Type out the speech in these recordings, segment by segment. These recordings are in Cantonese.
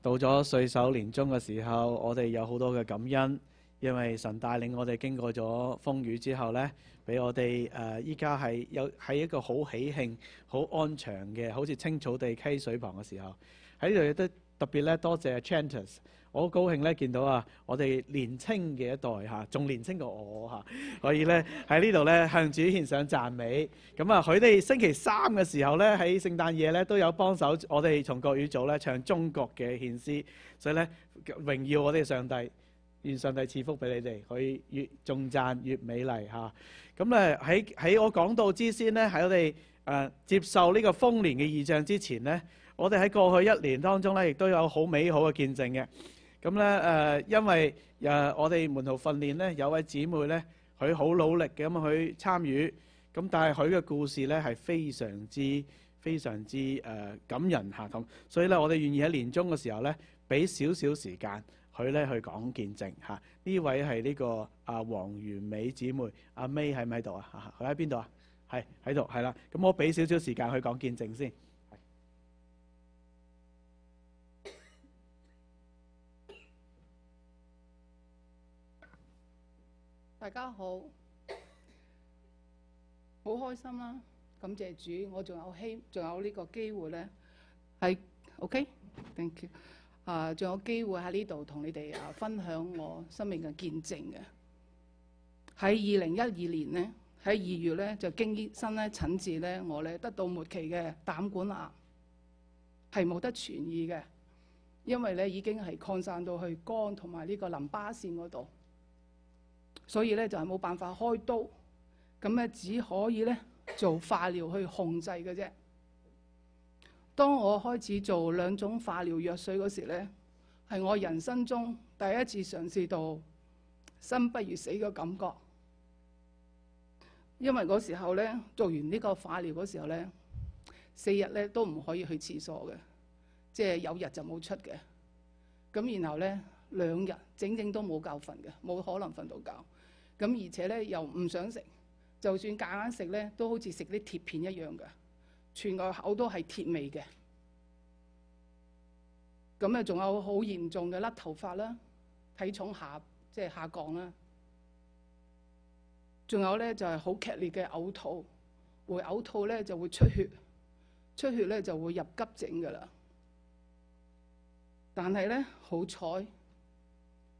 到咗歲首年終嘅時候，我哋有好多嘅感恩，因為神帶領我哋經過咗風雨之後呢，俾我哋誒依家係有喺一個好喜慶、好安詳嘅，好似青草地溪水旁嘅時候，喺度亦都。特別咧，多謝 Chanters 我好高興咧，見到啊，我哋年青嘅一代嚇，仲年青過我嚇，可以咧喺呢度咧向主獻上讚美。咁啊，佢哋星期三嘅時候咧，喺聖誕夜咧都有幫手，我哋從國語組咧唱中國嘅獻詩，所以咧榮耀我哋嘅上帝，願上帝賜福俾你哋，可以越仲讚越美麗嚇。咁啊，喺喺我講到之先咧，喺我哋誒接受呢個豐年嘅異象之前咧。我哋喺過去一年當中咧，亦都有好美好嘅見證嘅。咁咧誒，因為誒我哋門徒訓練咧，有位姊妹咧，佢好努力嘅，咁佢參與。咁但係佢嘅故事咧，係非常之、非常之誒感人下，同所以咧，我哋願意喺年終嘅時候咧，俾少少時間佢咧去講見證嚇。呢位係呢個阿黃元美姊妹，阿 May 喺唔喺度啊？佢喺邊度啊？係喺度，係啦。咁我俾少少時間佢講見證先。大家好，好開心啦，啊！感謝主，我仲有希，仲有呢個機會咧，係 OK，Thank you 啊，仲有機會喺呢度同你哋啊分享我生命嘅見證嘅。喺二零一二年咧，喺二月咧就經醫生咧診治咧，我咧得到末期嘅膽管癌，係冇得痊癒嘅，因為咧已經係擴散到去肝同埋呢個淋巴線嗰度。所以咧就係冇辦法開刀，咁咧只可以咧做化療去控制嘅啫。當我開始做兩種化療藥水嗰時咧，係我人生中第一次嘗試到生不如死嘅感覺。因為嗰時候咧做完呢個化療嗰時候咧，四日咧都唔可以去廁所嘅，即係有日就冇出嘅。咁然後咧兩日整整都冇覺瞓嘅，冇可能瞓到覺。咁而且咧又唔想食，就算夾硬食咧，都好似食啲鐵片一樣嘅，全個口都係鐵味嘅。咁啊，仲有好嚴重嘅甩頭髮啦，體重下即係、就是、下降啦，仲有咧就係好劇烈嘅嘔吐，會嘔吐咧就會出血，出血咧就會入急症噶啦。但係咧好彩，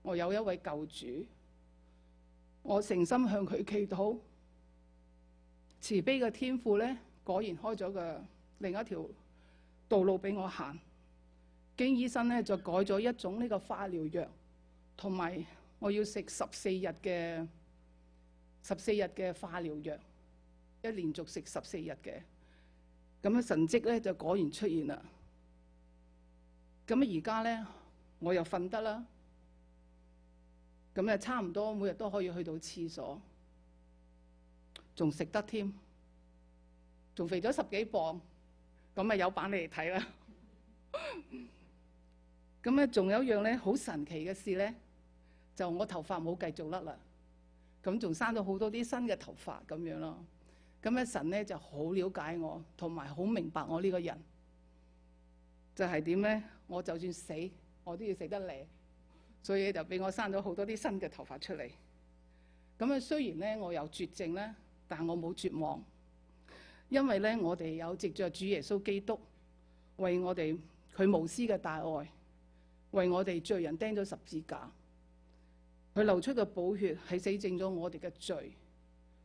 我有一位救主。我誠心向佢祈禱，慈悲嘅天父果然開咗個另一條道路俾我行。經醫生就改咗一種呢個化療藥，同埋我要食十四日嘅十四日嘅化療藥，一連續食十四日嘅。咁樣神蹟咧就果然出現啦。咁啊而家咧我又瞓得啦。咁就差唔多每日都可以去到廁所，仲食得添，仲肥咗十幾磅，咁咪有版你嚟睇啦。咁咧仲有一樣咧好神奇嘅事咧，就我頭髮冇繼續甩啦，咁仲生咗好多啲新嘅頭髮咁樣咯。咁咪神咧就好了解我，同埋好明白我呢個人，就係點咧？我就算死，我都要死得靚。所以就俾我生咗好多啲新嘅頭髮出嚟。咁啊，雖然咧我有絕症咧，但我冇絕望，因為咧我哋有藉著主耶穌基督為我哋佢無私嘅大愛，為我哋罪人釘咗十字架，佢流出嘅寶血係死證咗我哋嘅罪，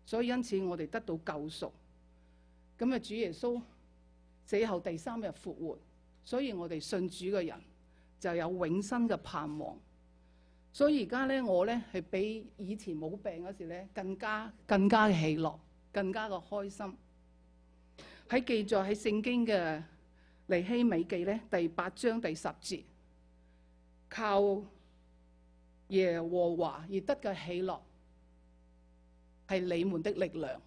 所以因此我哋得到救贖。咁啊，主耶穌死後第三日復活，所以我哋信主嘅人就有永生嘅盼望。所以而家咧，我咧係比以前冇病嗰時咧更加更加嘅喜樂，更加嘅開心。喺記載喺聖經嘅尼希米記咧第八章第十節，靠耶和華而得嘅喜樂係你們的力量。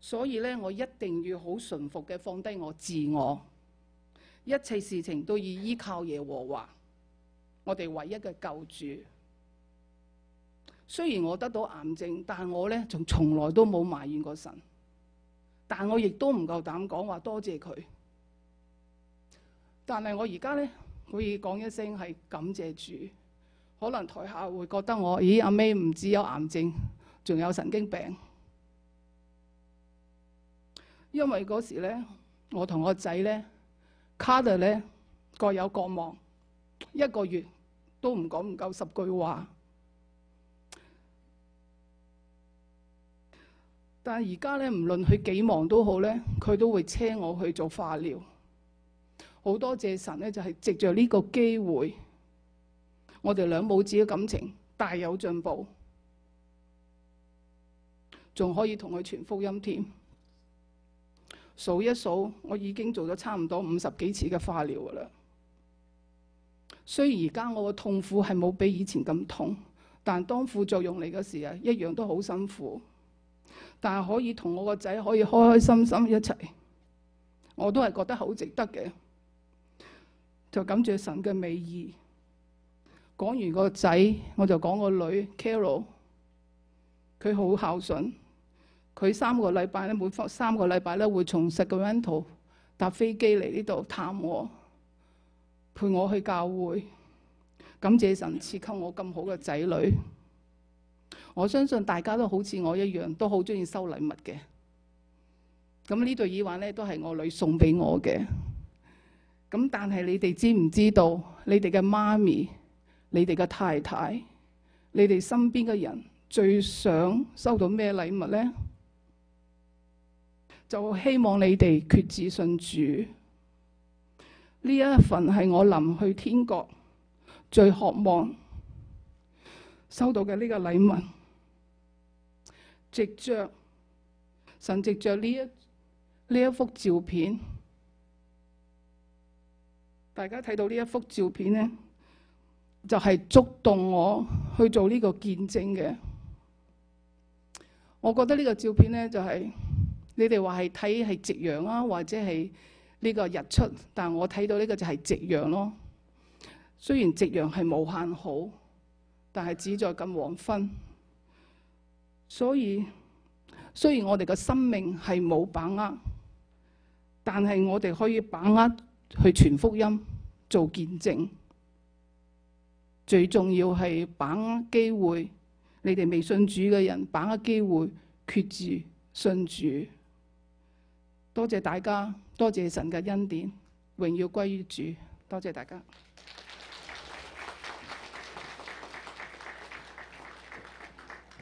所以咧，我一定要好順服嘅放低我自我，一切事情都要依靠耶和華。我哋唯一嘅救主。雖然我得到癌症，但我咧仲從來都冇埋怨過神，但我亦都唔夠膽講話多謝佢。但係我而家咧可以講一聲係感謝主。可能台下會覺得我，咦阿 May 唔止有癌症，仲有神經病，因為嗰時咧我同我仔咧，卡特咧各有各忙。一個月都唔講唔夠十句話，但係而家咧唔論佢幾忙都好咧，佢都會車我去做化療。好多謝神咧，就係藉着呢個機會，我哋兩母子嘅感情大有進步，仲可以同佢傳福音添。數一數，我已經做咗差唔多五十幾次嘅化療噶啦。雖然而家我嘅痛苦係冇比以前咁痛，但當副作用嚟嘅時候，一樣都好辛苦。但係可以同我個仔可以開開心心一齊，我都係覺得好值得嘅。就感謝神嘅美意。講完個仔，我就講個女 Carol，佢好孝順。佢三個禮拜咧，每三個禮拜咧，會從 Saguenal 搭飛機嚟呢度探我。陪我去教會，感謝神賜給我咁好嘅仔女。我相信大家都好似我一樣，都好鍾意收禮物嘅。噉呢對耳環呢，都是我女送畀我嘅。噉但是你哋知唔知道？你哋嘅媽咪、你哋嘅太太、你哋身邊嘅人，最想收到咩禮物呢？就希望你哋決志信主。呢一份係我臨去天國最渴望收到嘅，呢個禮物，藉着神藉着呢一呢一幅照片，大家睇到呢一幅照片咧，就係、是、觸動我去做呢個見證嘅。我覺得呢個照片咧，就係、是、你哋話係睇係夕陽啊，或者係。呢個日出，但我睇到呢個就係夕陽咯。雖然夕陽係無限好，但係只在咁黃昏。所以雖然我哋嘅生命係冇把握，但係我哋可以把握去傳福音、做見證。最重要係把握機會，你哋未信主嘅人把握機會決志信主。多謝大家，多謝神嘅恩典，榮耀歸於主。多謝大家。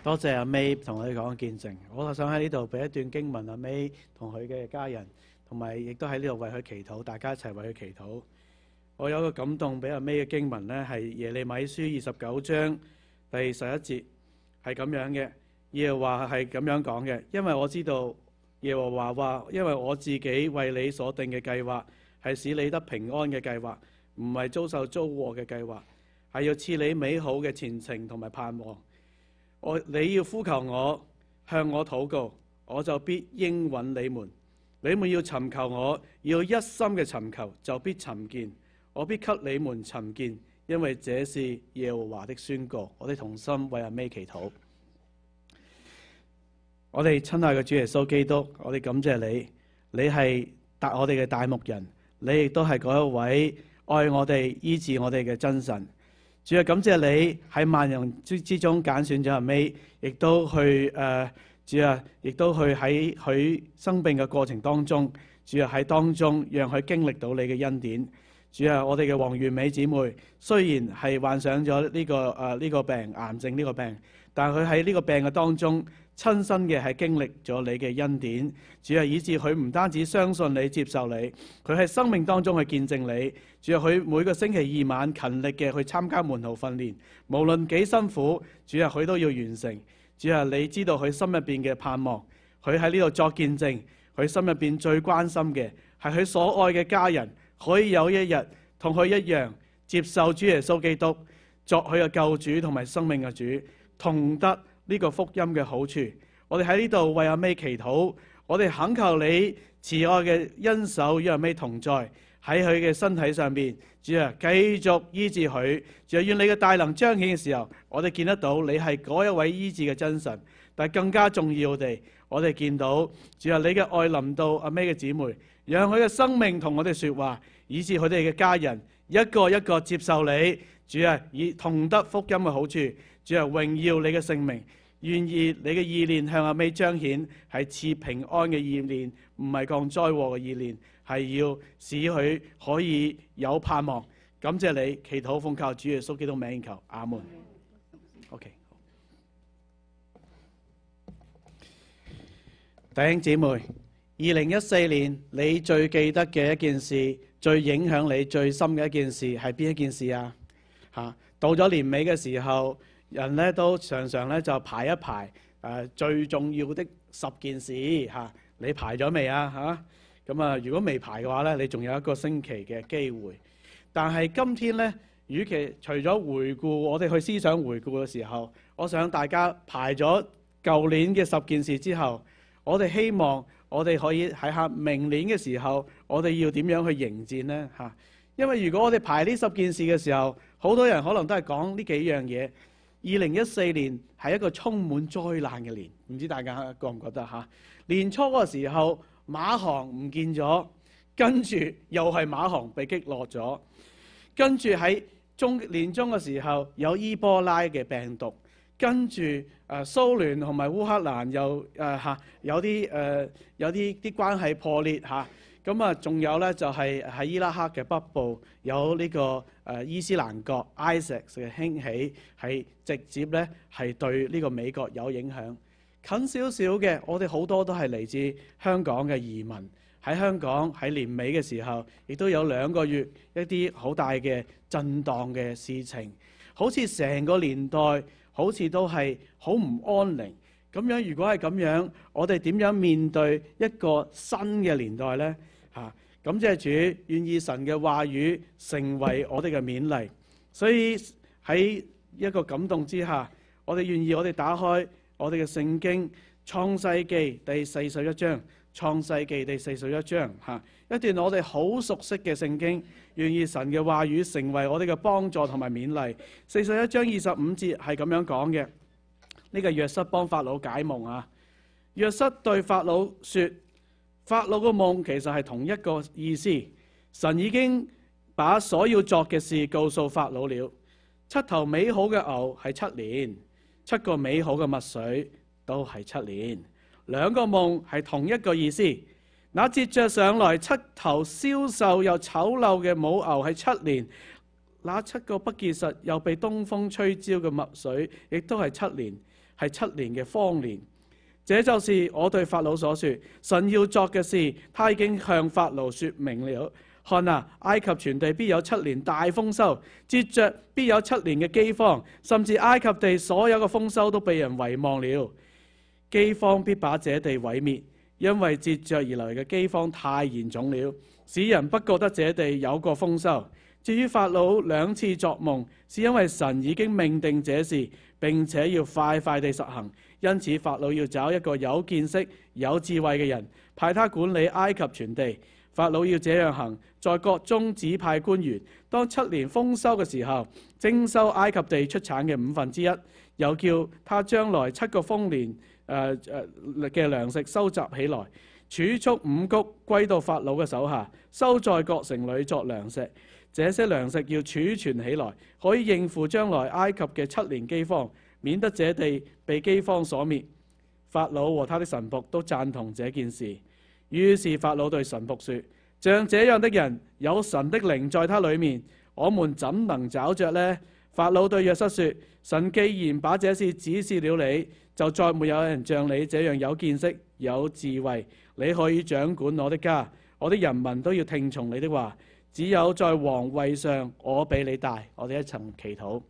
多謝阿 May 同我哋講見證，我就想喺呢度俾一段經文，阿 May 同佢嘅家人，同埋亦都喺呢度為佢祈禱，大家一齊為佢祈禱。我有個感動俾阿 May 嘅經文咧，係耶利米書二十九章第十一節，係咁樣嘅，耶話係咁樣講嘅，因為我知道。耶和華話：因為我自己為你所定嘅計劃，係使你得平安嘅計劃，唔係遭受遭禍嘅計劃，係要賜你美好嘅前程同埋盼望。我你要呼求我，向我禱告，我就必應允你們。你們要尋求我，要一心嘅尋求，就必尋見。我必給你們尋見，因為這是耶和華的宣告。我哋同心為阿媽祈禱。我哋親愛嘅主耶穌基督，我哋感謝你，你係大我哋嘅大牧人，你亦都係嗰一位愛我哋醫治我哋嘅真神。主要感謝你喺萬人之之中揀選咗阿 May，亦都去誒、呃，主啊，亦都去喺佢生病嘅過程當中，主要喺當中讓佢經歷到你嘅恩典。主啊，我哋嘅黃月美姊妹雖然係患上咗呢個誒呢、呃呢個病、癌症呢個病，但係佢喺呢個病嘅當中。親身嘅係經歷咗你嘅恩典，主啊，以致佢唔單止相信你、接受你，佢喺生命當中去見證你。主啊，佢每個星期二晚勤力嘅去參加門徒訓練，無論幾辛苦，主啊，佢都要完成。主啊，你知道佢心入邊嘅盼望，佢喺呢度作見證，佢心入邊最關心嘅係佢所愛嘅家人可以有一日同佢一樣接受主耶穌基督作佢嘅救主同埋生命嘅主，同得。呢、這個福音嘅好處，我哋喺呢度為阿咩祈禱，我哋懇求你慈愛嘅恩手與阿咩同在喺佢嘅身體上邊。主啊，繼續醫治佢。主啊，願你嘅大能彰顯嘅時候，我哋見得到你係嗰一位醫治嘅真神。但係更加重要地，我哋見到主啊，你嘅愛臨到阿咩嘅姊妹，讓佢嘅生命同我哋説話，以致佢哋嘅家人一個一個接受你。主啊，以同得福音嘅好處，主啊，榮耀你嘅聖名。願意你嘅意念向阿媽彰顯，係賜平安嘅意念，唔係降災禍嘅意念，係要使佢可以有盼望。感謝你，祈禱奉靠主耶穌基督名求，阿門。OK，弟兄姊妹，二零一四年你最記得嘅一件事，最影響你最深嘅一件事係邊一件事啊？吓，到咗年尾嘅時候。人咧都常常咧就排一排、啊，最重要的十件事吓、啊，你排咗未啊？吓、啊，咁啊如果未排嘅話咧，你仲有一個星期嘅機會。但係今天咧，與其除咗回顧我哋去思想回顧嘅時候，我想大家排咗舊年嘅十件事之後，我哋希望我哋可以喺下明年嘅時候，我哋要點樣去迎戰呢吓、啊，因為如果我哋排呢十件事嘅時候，好多人可能都係講呢幾樣嘢。二零一四年係一個充滿災難嘅年，唔知大家覺唔覺得嚇、啊？年初嗰個時候，馬航唔見咗，跟住又係馬航被擊落咗，跟住喺中年中嘅時候有伊波拉嘅病毒，跟住誒、啊、蘇聯同埋烏克蘭又誒嚇、啊、有啲誒、啊、有啲啲、啊啊、關係破裂嚇。啊。咁啊，仲有咧，就係喺伊拉克嘅北部有呢個誒伊斯蘭國 ISIS 嘅興起，係直接咧係對呢個美國有影響。近少少嘅，我哋好多都係嚟自香港嘅移民。喺香港喺年尾嘅時候，亦都有兩個月一啲好大嘅震盪嘅事情，好似成個年代好似都係好唔安寧。咁樣，如果係咁樣，我哋點樣面對一個新嘅年代呢？吓、啊，感謝主願意神嘅話語成為我哋嘅勉勵，所以喺一個感動之下，我哋願意我哋打開我哋嘅聖經《創世記》第四十一章，《創世記》第四十一章吓，一段我哋好熟悉嘅聖經，願意神嘅話語成為我哋嘅幫助同埋勉勵。四十一章二十五節係咁樣講嘅，呢、這個約瑟幫法老解夢啊，約瑟對法老說。法老嘅夢其實係同一個意思，神已經把所要作嘅事告訴法老了。七頭美好嘅牛係七年，七個美好嘅麥穗都係七年，兩個夢係同一個意思。那接着上來七頭消瘦又醜陋嘅母牛係七年，那七個不結實又被東風吹焦嘅麥穗亦都係七年，係七年嘅荒年。這就是我對法老所說，神要作嘅事，他已經向法老説明了。看啊，埃及全地必有七年大豐收，接著必有七年嘅饑荒，甚至埃及地所有嘅豐收都被人遺忘了。饑荒必把這地毀滅，因為接著而來嘅饑荒太嚴重了，使人不覺得這地有過豐收。至於法老兩次作夢，是因為神已經命定這事，並且要快快地實行。因此，法老要找一個有見識、有智慧嘅人，派他管理埃及全地。法老要這樣行，在國中指派官員。當七年豐收嘅時候，徵收埃及地出產嘅五分之一，又叫他將來七個豐年嘅、呃呃、糧食收集起來，儲蓄五穀，歸到法老嘅手下，收在各城裏作糧食。這些糧食要儲存起來，可以應付將來埃及嘅七年饑荒。免得這地被饑荒所滅，法老和他的神僕都贊同這件事。於是法老對神僕說：像這樣的人，有神的靈在他裏面，我們怎能找着呢？法老對約瑟說：神既然把這事指示了你，就再沒有人像你這樣有見識、有智慧。你可以掌管我的家，我的人民都要聽從你的話。只有在皇位上，我比你大。我哋一齊祈禱。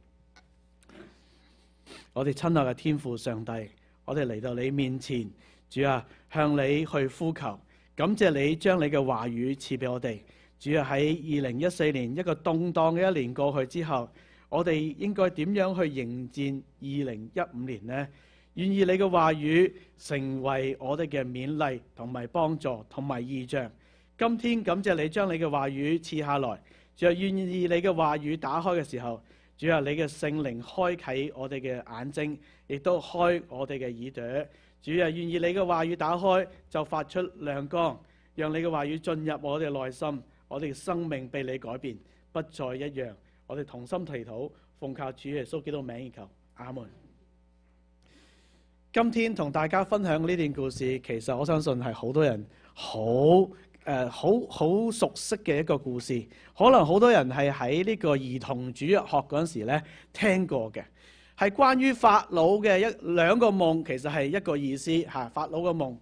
我哋親愛嘅天父上帝，我哋嚟到你面前，主啊，向你去呼求，感謝你將你嘅話語賜俾我哋。主啊，喺二零一四年一個動盪嘅一年過去之後，我哋應該點樣去迎戰二零一五年呢？願意你嘅話語成為我哋嘅勉勵同埋幫助同埋異象。今天感謝你將你嘅話語賜下來，若、啊、願意你嘅話語打開嘅時候。主啊，你嘅聖靈開啟我哋嘅眼睛，亦都開我哋嘅耳朵。主啊，願意你嘅話語打開，就發出亮光，讓你嘅話語進入我哋嘅內心，我哋嘅生命被你改變，不再一樣。我哋同心祈禱，奉靠主耶穌基督名而求，阿門。今天同大家分享呢段故事，其實我相信係好多人好。誒好好熟悉嘅一個故事，可能好多人係喺呢個兒童主日學嗰陣時咧聽過嘅，係關於法老嘅一兩個夢，其實係一個意思嚇。法老嘅夢，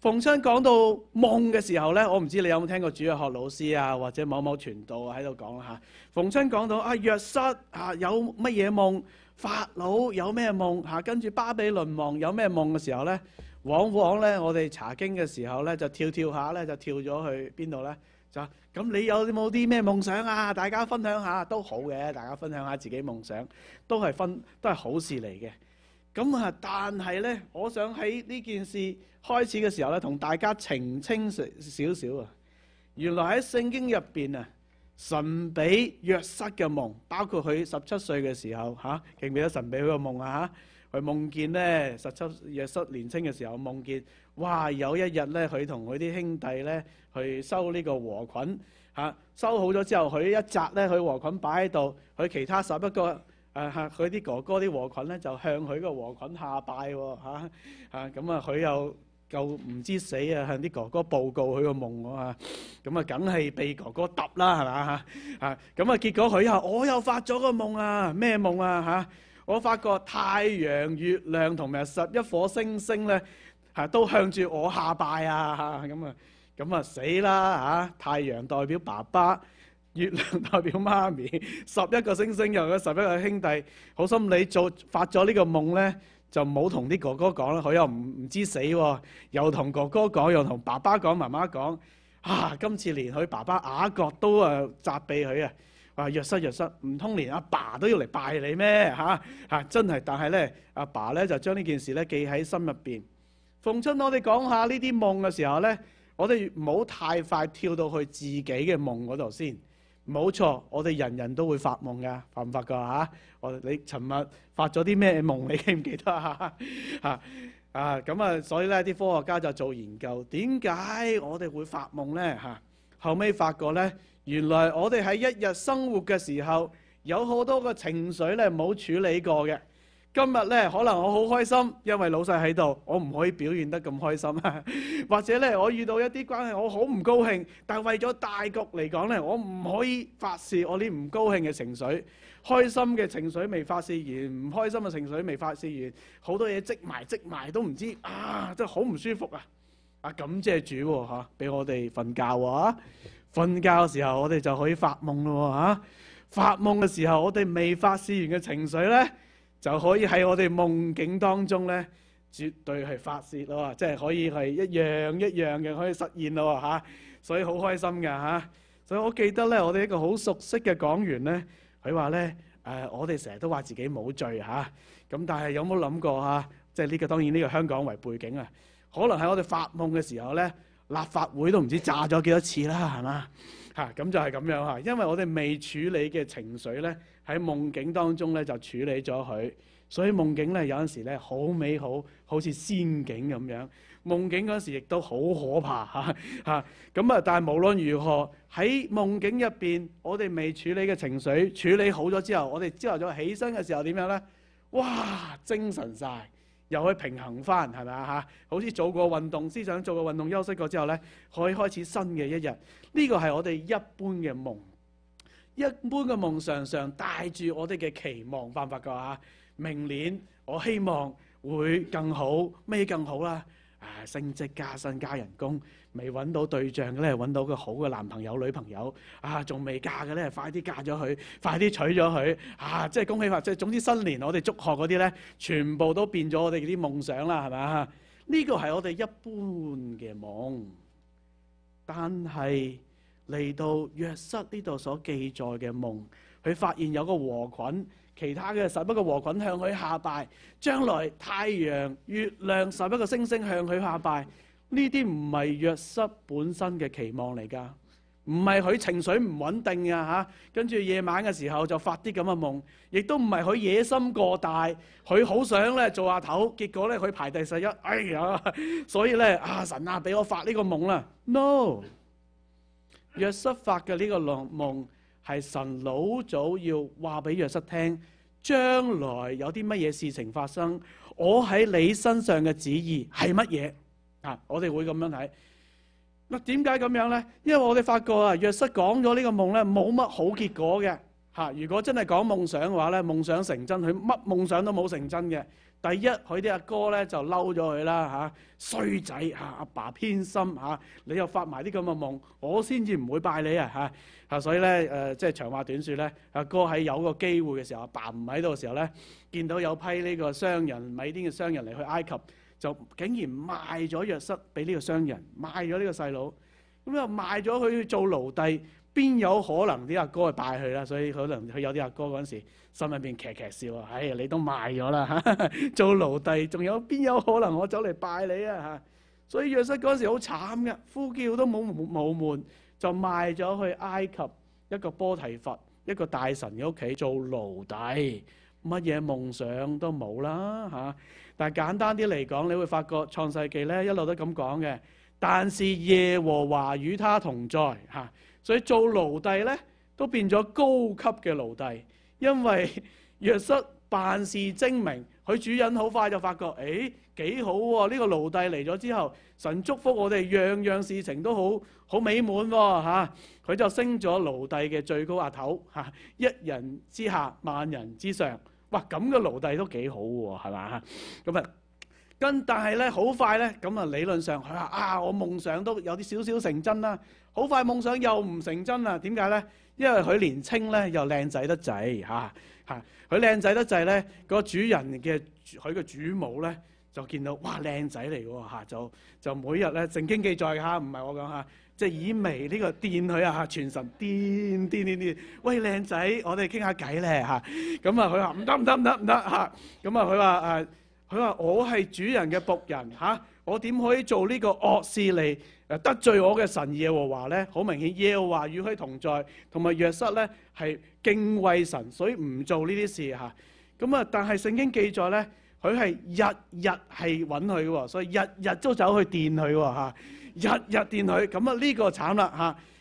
逢春講到夢嘅時候咧，我唔知你有冇聽過主日學老師啊或者某某傳道喺度講嚇。逢春講到啊約瑟嚇有乜嘢夢，法老有咩夢嚇，跟住巴比倫夢有咩夢嘅時候咧。往往咧，我哋查經嘅時候咧，就跳跳下咧，就跳咗去邊度咧？就咁，你有冇啲咩夢想啊？大家分享下都好嘅，大家分享下自己夢想，都係分都係好事嚟嘅。咁啊，但係咧，我想喺呢件事開始嘅時候咧，同大家澄清少少少啊。原來喺聖經入邊啊，神俾約瑟嘅夢，包括佢十七歲嘅時候嚇，記唔記得神俾佢個夢啊嚇？佢夢見咧，十七約瑟年青嘅時候夢見，哇！有一日咧，佢同佢啲兄弟咧去收呢個禾捆。嚇，收好咗之後，佢一紮咧，佢禾捆擺喺度，佢其他十一個誒嚇，佢啲哥哥啲禾捆咧就向佢個禾捆下拜喎，嚇咁啊！佢又夠唔知死啊，向啲哥哥報告佢個夢喎，咁啊梗係被哥哥揼啦，係嘛，嚇嚇咁啊！結果佢又，我又發咗個夢啊，咩夢啊嚇？我發覺太陽、月亮同埋十一顆星星咧，係、啊、都向住我下拜啊！咁啊，咁啊死啦嚇！太陽代表爸爸，月亮代表媽咪，十一個星星又有十一個兄弟。好心你做，做發咗呢個夢咧，就唔好同啲哥哥講啦，佢又唔唔知死喎、啊，又同哥哥講，又同爸爸講、媽媽講。啊，今次連佢爸爸雅各、啊、都啊責備佢啊！話約瑟約瑟，唔通連阿爸都要嚟拜你咩？嚇、啊、嚇，真係！但係咧，阿爸咧就將呢件事咧記喺心入邊。逢春我哋講下呢啲夢嘅時候咧，我哋唔好太快跳到去自己嘅夢嗰度先。冇錯，我哋人人都會發夢噶，發唔發覺嚇、啊？我你尋日發咗啲咩夢？你記唔記得啊？嚇啊！咁啊，啊，所以咧啲科學家就做研究，點解我哋會發夢咧？嚇、啊，後尾發覺咧。原來我哋喺一日生活嘅時候，有好多個情緒咧冇處理過嘅。今日咧，可能我好開心，因為老細喺度，我唔可以表現得咁開心啊。 或者咧，我遇到一啲關係，我好唔高興，但係為咗大局嚟講咧，我唔可以發泄我啲唔高興嘅情緒，開心嘅情緒未發泄完，唔開心嘅情緒未發泄完，好多嘢積埋積埋都唔知啊，真係好唔舒服啊！啊，感謝主喎嚇，俾我哋瞓覺啊！瞓覺嘅時候，我哋就可以發夢咯喎嚇！發夢嘅時候，我哋未發泄完嘅情緒咧，就可以喺我哋夢境當中咧，絕對係發泄咯，即係可以係一樣一樣嘅可以實現咯喎、啊、所以好開心噶嚇、啊！所以我記得咧，我哋一個好熟悉嘅講員咧，佢話咧誒，我哋成日都話自己冇罪嚇，咁、啊、但係有冇諗過嚇？即係呢個當然呢個香港為背景啊，可能係我哋發夢嘅時候咧。立法會都唔知炸咗幾多次啦，係嘛？嚇、啊、咁就係、是、咁樣嚇，因為我哋未處理嘅情緒咧，喺夢境當中咧就處理咗佢，所以夢境咧有陣時咧好美好，好似仙境咁樣。夢境嗰陣時亦都好可怕嚇嚇，咁啊，啊！但係無論如何喺夢境入邊，我哋未處理嘅情緒處理好咗之後，我哋朝頭早起身嘅時候點樣咧？哇！精神晒。又可以平衡翻，係咪啊嚇？好似做過運動，思想做過運動，休息過之後咧，可以開始新嘅一日。呢個係我哋一般嘅夢，一般嘅夢常常帶住我哋嘅期望，犯法噶嚇。明年我希望會更好，咩更好啦？啊！升職加薪加人工，未揾到對象嘅咧，揾到個好嘅男朋友女朋友啊！仲未嫁嘅咧，快啲嫁咗佢，快啲娶咗佢啊！即係恭喜發，即係總之新年我哋祝賀嗰啲咧，全部都變咗我哋啲夢想啦，係咪？呢個係我哋一般嘅夢，但係嚟到約瑟呢度所記載嘅夢，佢發現有個禾捆。其他嘅十一個禾捆向佢下拜，將來太陽、月亮、十一個星星向佢下拜。呢啲唔係約瑟本身嘅期望嚟噶。唔係佢情緒唔穩定啊嚇，跟住夜晚嘅時候就發啲咁嘅夢，亦都唔係佢野心過大，佢好想咧做下頭，結果咧佢排第十一。哎呀，所以咧阿、啊、神啊，俾我發呢個夢啦。No，約瑟發嘅呢個夢。係神老早要話俾約瑟聽，將來有啲乜嘢事情發生，我喺你身上嘅旨意係乜嘢啊？我哋會咁樣睇。咁點解咁樣呢？因為我哋發覺啊，約瑟講咗呢個夢呢，冇乜好結果嘅。嚇！如果真係講夢想嘅話咧，夢想成真，佢乜夢想都冇成真嘅。第一，佢啲阿哥咧就嬲咗佢啦嚇，衰仔啊！阿、啊、爸，爸偏心嚇、啊，你又發埋啲咁嘅夢，我先至唔會拜你啊嚇！嚇、啊、所以咧誒、呃，即係長話短説咧，阿哥喺有個機會嘅時候，阿爸唔喺度嘅時候咧，見到有批呢個商人、米甸嘅商人嚟去埃及，就竟然賣咗約瑟俾呢個商人，賣咗呢個細佬，咁又賣咗佢去做奴隸。邊有可能啲阿哥去拜佢啦？所以可能佢有啲阿哥嗰陣時心入邊騎騎笑啊！哎呀，你都賣咗啦，做奴隸仲有邊有可能我走嚟拜你啊？嚇！所以約瑟嗰陣時好慘嘅，呼叫都冇冇門，就賣咗去埃及一個波提佛一個大臣嘅屋企做奴隸，乜嘢夢想都冇啦嚇。但係簡單啲嚟講，你會發覺創世記咧一路都咁講嘅，但是耶和華與他同在嚇。啊所以做奴隸咧，都變咗高級嘅奴隸，因為約瑟辦事精明，佢主人好快就發覺，誒、哎、幾好喎、啊！呢、這個奴隸嚟咗之後，神祝福我哋樣樣事情都好好美滿喎、啊、佢、啊、就升咗奴隸嘅最高額頭、啊、一人之下，萬人之上。哇！咁嘅奴隸都幾好喎，係嘛？咁啊，跟但係咧，好快咧，咁啊理論上佢話啊，我夢想都有啲少少成真啦、啊。好快夢想又唔成真啦？點解咧？因為佢年青咧，又靚仔得滯嚇嚇。佢靚仔得滯咧，個主人嘅佢個主母咧就見到哇靚仔嚟喎嚇，就就每日咧聖經記載嚇，唔係我講嚇，即係以微呢個電佢啊，全神癲癲癲！喂靚仔，我哋傾下偈咧嚇。咁啊，佢話唔得唔得唔得唔得嚇。咁啊，佢話誒，佢話我係主人嘅僕人嚇，我點可以做呢個惡事嚟？誒得罪我嘅神耶和華咧，好明顯耶和華與佢同在，同埋約瑟咧係敬畏神，所以唔做呢啲事嚇。咁啊，但係聖經記載咧，佢係日日係揾佢嘅，所以日日都走去電佢嚇、啊，日日電佢。咁啊呢個慘啦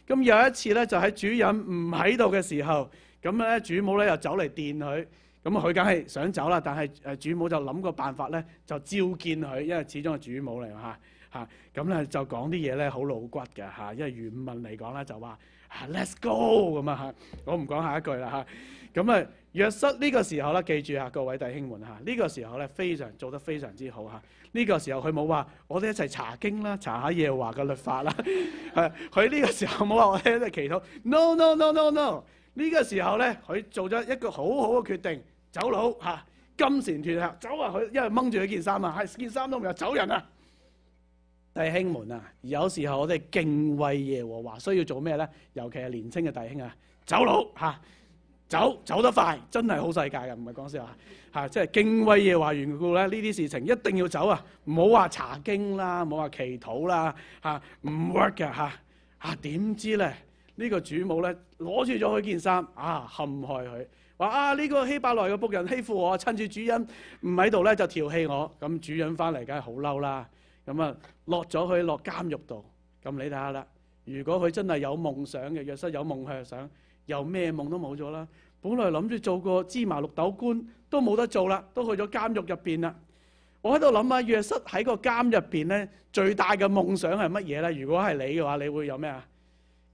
嚇。咁有一次咧，就喺、是、主人唔喺度嘅時候，咁咧主母咧又走嚟電佢，咁佢梗係想走啦。但係誒主母就諗個辦法咧，就召見佢，因為始終係主母嚟嚇。啊嚇，咁咧就講啲嘢咧好老骨嘅嚇、啊，因為原文嚟講咧就話嚇、啊、Let's go 咁啊嚇、啊，我唔講下一句啦嚇。咁啊約瑟呢個時候咧，記住啊各位弟兄們嚇，呢、啊呢個時候咧非常做得非常之好嚇。呢、啊呢個時候佢冇話我哋一齊查經啦，查下耶和華嘅律法啦。係佢呢個時候冇話我哋喺度祈禱。No no no no no，呢、no, 個時候咧佢做咗一個好好嘅決定，走佬嚇、啊，金蟬脫殼走啊佢，因為掹住佢件衫啊，係件衫都唔有，走人啊！弟兄們啊，有時候我哋敬畏耶和華，需要做咩咧？尤其係年青嘅弟兄啊，走佬嚇、啊，走走得快，真係好世界嘅，唔係講笑啊嚇！即係敬畏耶和華緣故咧，呢啲事情一定要走啊！唔好話查經啦，唔好話祈禱啦嚇，唔 work 嘅嚇啊！點、啊、知咧？呢、這個主母咧攞住咗佢件衫啊，陷害佢話啊呢、這個希伯來嘅僕人欺負我，趁住主人唔喺度咧就調戲我，咁主人翻嚟梗係好嬲啦。咁啊，落咗去落監獄度。咁你睇下啦，如果佢真係有夢想嘅，約瑟有夢想，又咩夢都冇咗啦。本來諗住做個芝麻綠豆官，都冇得做啦，都去咗監獄入邊啦。我喺度諗啊，約瑟喺個監入邊咧，最大嘅夢想係乜嘢咧？如果係你嘅話，你會有咩啊？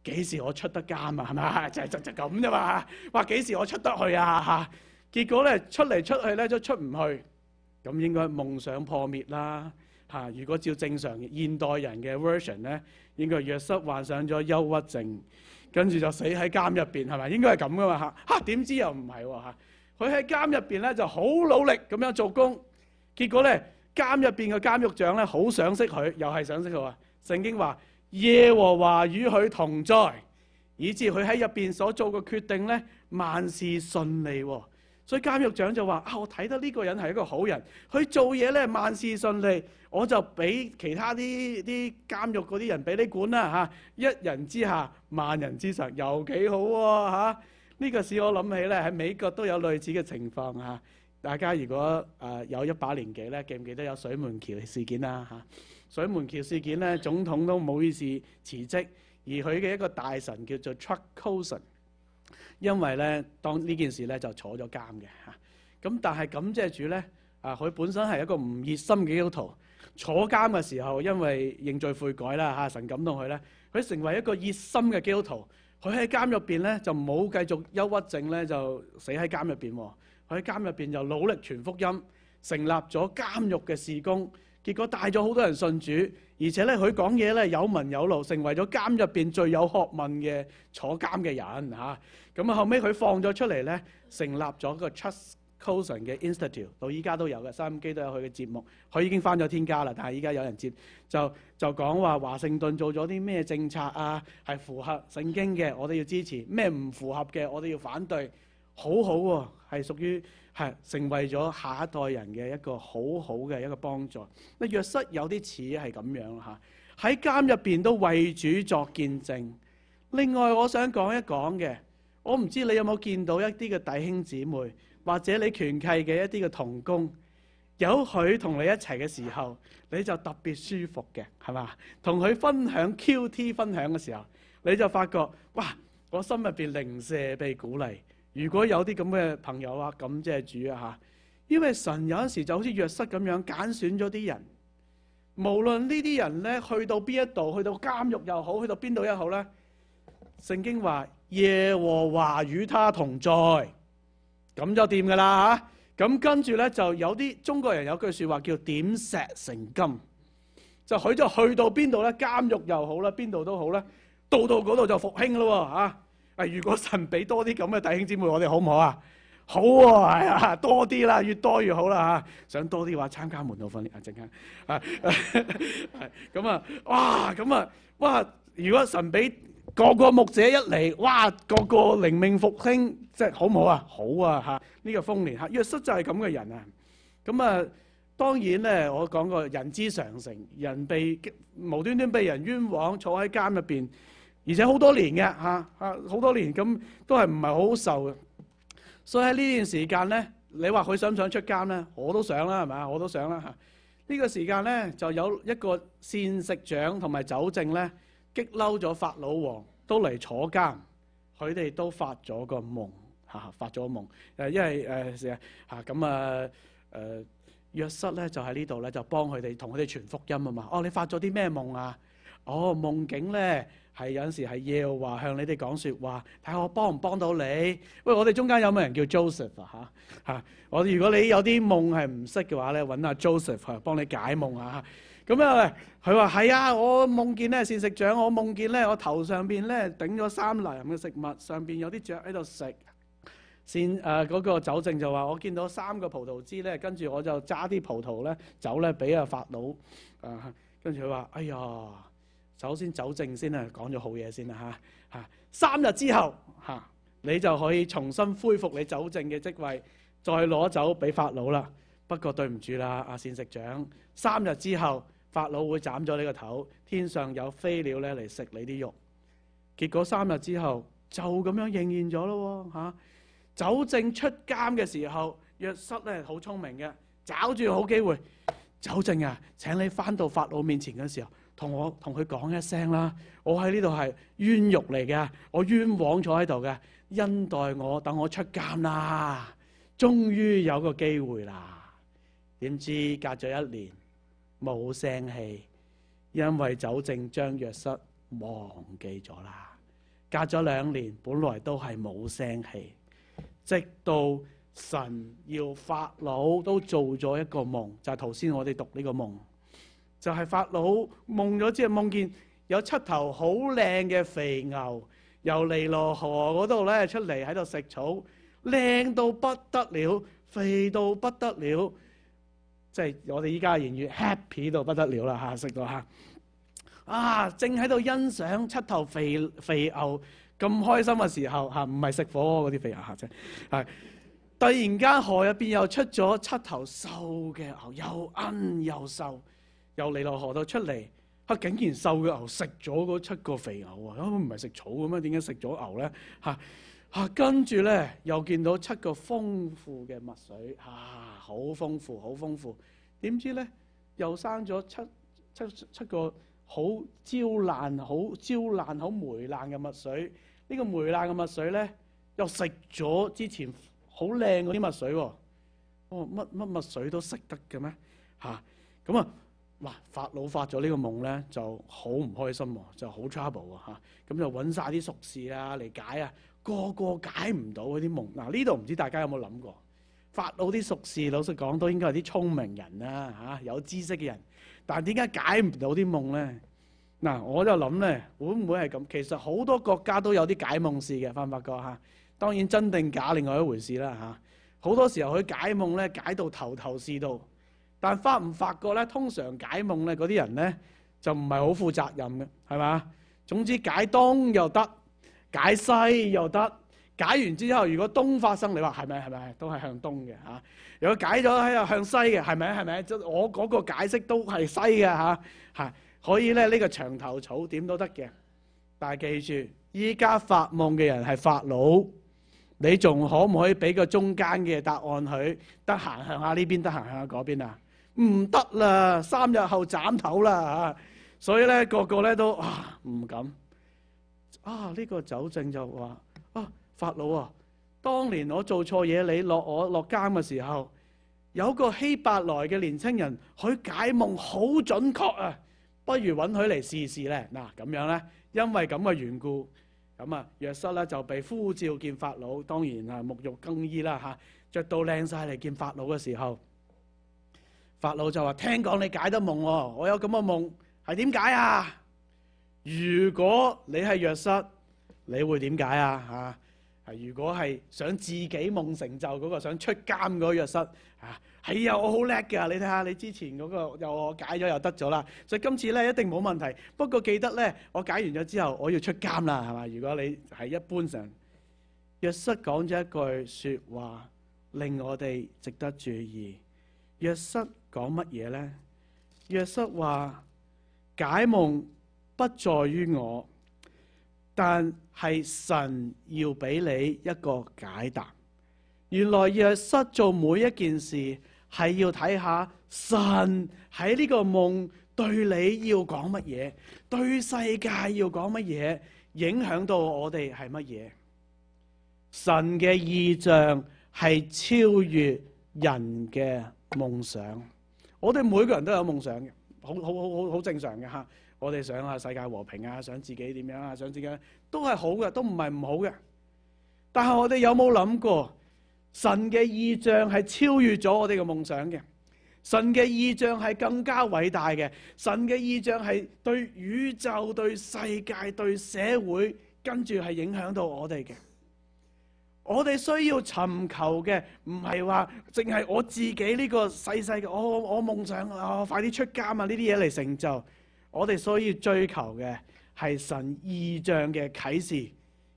幾時我出得監啊？係咪啊？就就就咁啫嘛。話幾時我出得去啊？結果咧出嚟出去咧都出唔去，咁應該係夢想破滅啦。嚇、啊！如果照正常現代人嘅 version 咧，應該約瑟患上咗憂鬱症，跟住就死喺監入邊，係咪？應該係咁噶嘛吓，嚇、啊、點知又唔係喎！佢喺監入邊咧就好努力咁樣做工，結果咧監入邊嘅監獄長咧好賞識佢，又係賞識佢啊！聖經話耶和華與佢同在，以致佢喺入邊所做嘅決定咧，萬事順利喎、啊。所以監獄長就話：啊，我睇得呢個人係一個好人，佢做嘢咧萬事順利，我就俾其他啲啲監獄嗰啲人俾你管啦嚇、啊。一人之下，萬人之上，又幾好喎、啊啊這個、呢個使我諗起咧，喺美國都有類似嘅情況嚇、啊。大家如果誒、呃、有一把年紀咧，記唔記得有水門橋事件啦、啊、嚇、啊？水門橋事件咧，總統都唔好意思辭職，而佢嘅一個大臣叫做 Chuck Colson。因為咧，當呢件事咧就坐咗監嘅嚇，咁但係感謝主咧，啊佢本身係一個唔熱心嘅基督徒，坐監嘅時候，因為認罪悔改啦嚇，神感動佢咧，佢成為一個熱心嘅基督徒，佢喺監入邊咧就冇繼續憂鬱症咧，就死喺監入邊喎，佢喺監入邊又努力傳福音，成立咗監獄嘅事工。結果帶咗好多人信主，而且咧佢講嘢咧有文有路，成為咗監入邊最有學問嘅坐監嘅人吓。咁啊後尾佢放咗出嚟咧，成立咗個 Trust Colson 嘅 Institute，到依家都有嘅收音機都有佢嘅節目。佢已經翻咗天家啦，但係依家有人接就就講話華盛頓做咗啲咩政策啊，係符合聖經嘅，我哋要支持；咩唔符合嘅，我哋要反對。好好喎，啊。係屬於係成為咗下一代人嘅一個好好嘅一個幫助。那約瑟有啲似係咁樣吓，喺監入邊都為主作見證。另外，我想講一講嘅，我唔知你有冇見到一啲嘅弟兄姊妹或者你權契嘅一啲嘅同工，有佢同你一齊嘅時候，你就特別舒服嘅，係嘛？同佢分享 QT 分享嘅時候，你就發覺哇，我心入邊零舍被鼓勵。如果有啲咁嘅朋友啊，感謝主啊嚇！因為神有時就好似約瑟咁樣揀選咗啲人，無論呢啲人咧，去到邊一度，去到監獄又好，去到邊度又好咧，聖經話耶和華與他同在，咁就掂噶啦嚇！咁跟住咧就有啲中國人有句説話叫點石成金，就佢就去到邊度咧，監獄又好啦，邊度都好咧，到到嗰度就復興咯喎嚇！啊！如果神俾多啲咁嘅弟兄姊妹，我哋好唔好啊？好喎，係啊，多啲啦，越多越好啦、啊、嚇。想多啲話參加門徒訓練啊，陣間啊，咁 啊、嗯，哇，咁、嗯、啊，哇！如果神俾個個牧者一嚟，哇，個個靈命復興，即係好唔好啊？好啊，吓、這、呢個豐年吓，約瑟就係咁嘅人啊。咁、嗯、啊，當然咧，我講個人之常情，人被無端端被人冤枉，坐喺監入邊。而且好多年嘅嚇嚇好多年咁都係唔係好受嘅，所以喺呢段時間咧，你話佢想唔想出監咧？我都想啦，係咪啊？我都想啦嚇！呢、這個時間咧就有一個膳食長同埋酒政咧激嬲咗法老王，都嚟坐監。佢哋都發咗個夢嚇，發咗個夢誒，因為誒成嚇咁啊誒約瑟咧就喺呢度咧，就幫佢哋同佢哋傳福音啊嘛。哦，你發咗啲咩夢啊？哦，夢境咧～係有陣時係要話向你哋講說話，睇下我幫唔幫到你？喂，我哋中間有冇人叫 Joseph 啊？嚇、啊、嚇！我如果你有啲夢係唔識嘅話咧，揾阿 Joseph 去、啊、幫你解夢啊！咁啊，佢話係啊，我夢見咧膳食長，我夢見咧我頭上邊咧頂咗三籃嘅食物，上邊有啲雀喺度食善誒嗰、呃那個酒政就話我見到三個葡萄枝咧，跟住我就揸啲葡萄咧酒咧俾阿法老誒、啊，跟住佢話哎呀～首先酒政先啦，講咗好嘢先啦嚇嚇。三日之後嚇，你就可以重新恢復你酒政嘅職位，再攞酒俾法老啦。不過對唔住啦，阿膳食長，三日之後法老會斬咗你個頭，天上有飛鳥咧嚟食你啲肉。結果三日之後就咁樣應驗咗咯嚇。酒政出監嘅時候，約瑟咧好聰明嘅，找住好機會酒政啊！請你返到法老面前嘅時候，同我同佢講一聲啦，我喺呢度係冤獄嚟嘅，我冤枉坐喺度嘅，恩待我，等我出監啦，終於有個機會啦。點知隔咗一年冇聲氣，因為酒政將約瑟忘記咗啦。隔咗兩年，本來都係冇聲氣，直到神要法老都做咗一個夢，就係頭先我哋讀呢個夢。就係、是、法老夢咗之後，夢見有七頭好靚嘅肥牛由尼羅河嗰度咧出嚟喺度食草，靚到不得了，肥到不得了，即、就、係、是、我哋依家仍然 happy 到不得了啦吓，食到吓？啊正喺度欣賞七頭肥肥牛咁開心嘅時候嚇，唔、啊、係食火鍋嗰啲肥牛嚇啫，係、啊、突然間河入邊又出咗七頭瘦嘅牛，又奀又瘦。又尼羅河度出嚟，嚇！竟然瘦嘅牛食咗嗰七個肥牛啊！咁唔係食草咁啊？點解食咗牛咧？嚇嚇！跟住咧又見到七個豐富嘅墨水，嚇、啊！好豐富，好豐富。點知咧又生咗七七七個好焦爛、好焦爛、好霉爛嘅墨水。這個、水呢個霉爛嘅墨水咧又食咗之前好靚嗰啲墨水喎。乜、啊、乜墨水都食得嘅咩？嚇！咁啊～哇！法老發咗呢個夢咧，就好唔開心喎，就好 trouble 啊嚇，咁就揾晒啲熟士啦嚟解啊，個個解唔到嗰啲夢。嗱呢度唔知大家有冇諗過，法老啲熟士，老實講都應該係啲聰明人呀、啊啊，有知識嘅人，但點解解唔到啲夢咧？嗱、啊，我就諗咧，會唔會係咁？其實好多國家都有啲解夢事嘅，發唔發覺、啊、當然真定假，另外一回事啦嚇。啊、好多時候佢解夢咧，解到頭頭是道。但發唔發覺咧？通常解夢咧，嗰啲人咧就唔係好負責任嘅，係嘛？總之解東又得，解西又得。解完之後，如果東發生，你話係咪係咪都係向東嘅嚇、啊。如果解咗喺向西嘅，係咪係咪？即我嗰個解釋都係西嘅嚇嚇。可以咧，呢、這個長頭草點都得嘅。但係記住，依家發夢嘅人係法老，你仲可唔可以俾個中間嘅答案佢？得行向下呢邊，得行向下嗰邊啊？唔得啦，三日後斬頭啦吓，所以咧個個咧都啊唔敢。啊呢、這個酒政就話啊法老啊，當年我做錯嘢，你落我落監嘅時候，有個希伯來嘅年輕人，佢解夢好準確啊，不如揾佢嚟試試咧。嗱、啊、咁樣咧，因為咁嘅緣故，咁啊約瑟咧就被呼召見法老，當然啊沐浴更衣啦吓、啊，着到靚晒嚟見法老嘅時候。法老就話：聽講你解得夢喎、哦，我有咁嘅夢，係點解啊？如果你係約瑟，你會點解啊？啊，如果係想自己夢成就嗰、那個，想出監嗰約瑟啊，係、哎、啊，我好叻㗎，你睇下你之前嗰、那個又我解咗又得咗啦，所以今次咧一定冇問題。不過記得咧，我解完咗之後我要出監啦，係嘛？如果你係一般上約瑟講咗一句說話，令我哋值得注意。約瑟。講乜嘢呢？約瑟話解夢不在於我，但係神要俾你一個解答。原來約瑟做每一件事係要睇下神喺呢個夢對你要講乜嘢，對世界要講乜嘢，影響到我哋係乜嘢。神嘅異象係超越人嘅夢想。我哋每個人都有夢想嘅，好好好好，好正常嘅吓。我哋想啊世界和平啊，想自己點樣啊，想自己都係好嘅，都唔係唔好嘅。但係我哋有冇諗過神嘅異象係超越咗我哋嘅夢想嘅？神嘅異象係更加偉大嘅。神嘅異象係對宇宙、對世界、對社會，跟住係影響到我哋嘅。我哋需要尋求嘅唔係話淨係我自己呢個細細嘅我我夢想、哦、快啊快啲出監嘛，呢啲嘢嚟成就。我哋需要追求嘅係神異象嘅啟示，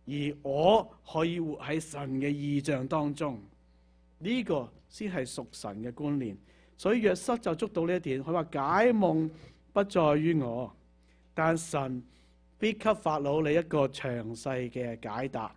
而我可以活喺神嘅異象當中，呢、這個先係屬神嘅觀念。所以約瑟就捉到呢一點，佢話，解夢不在於我，但神必給法老你一個詳細嘅解答。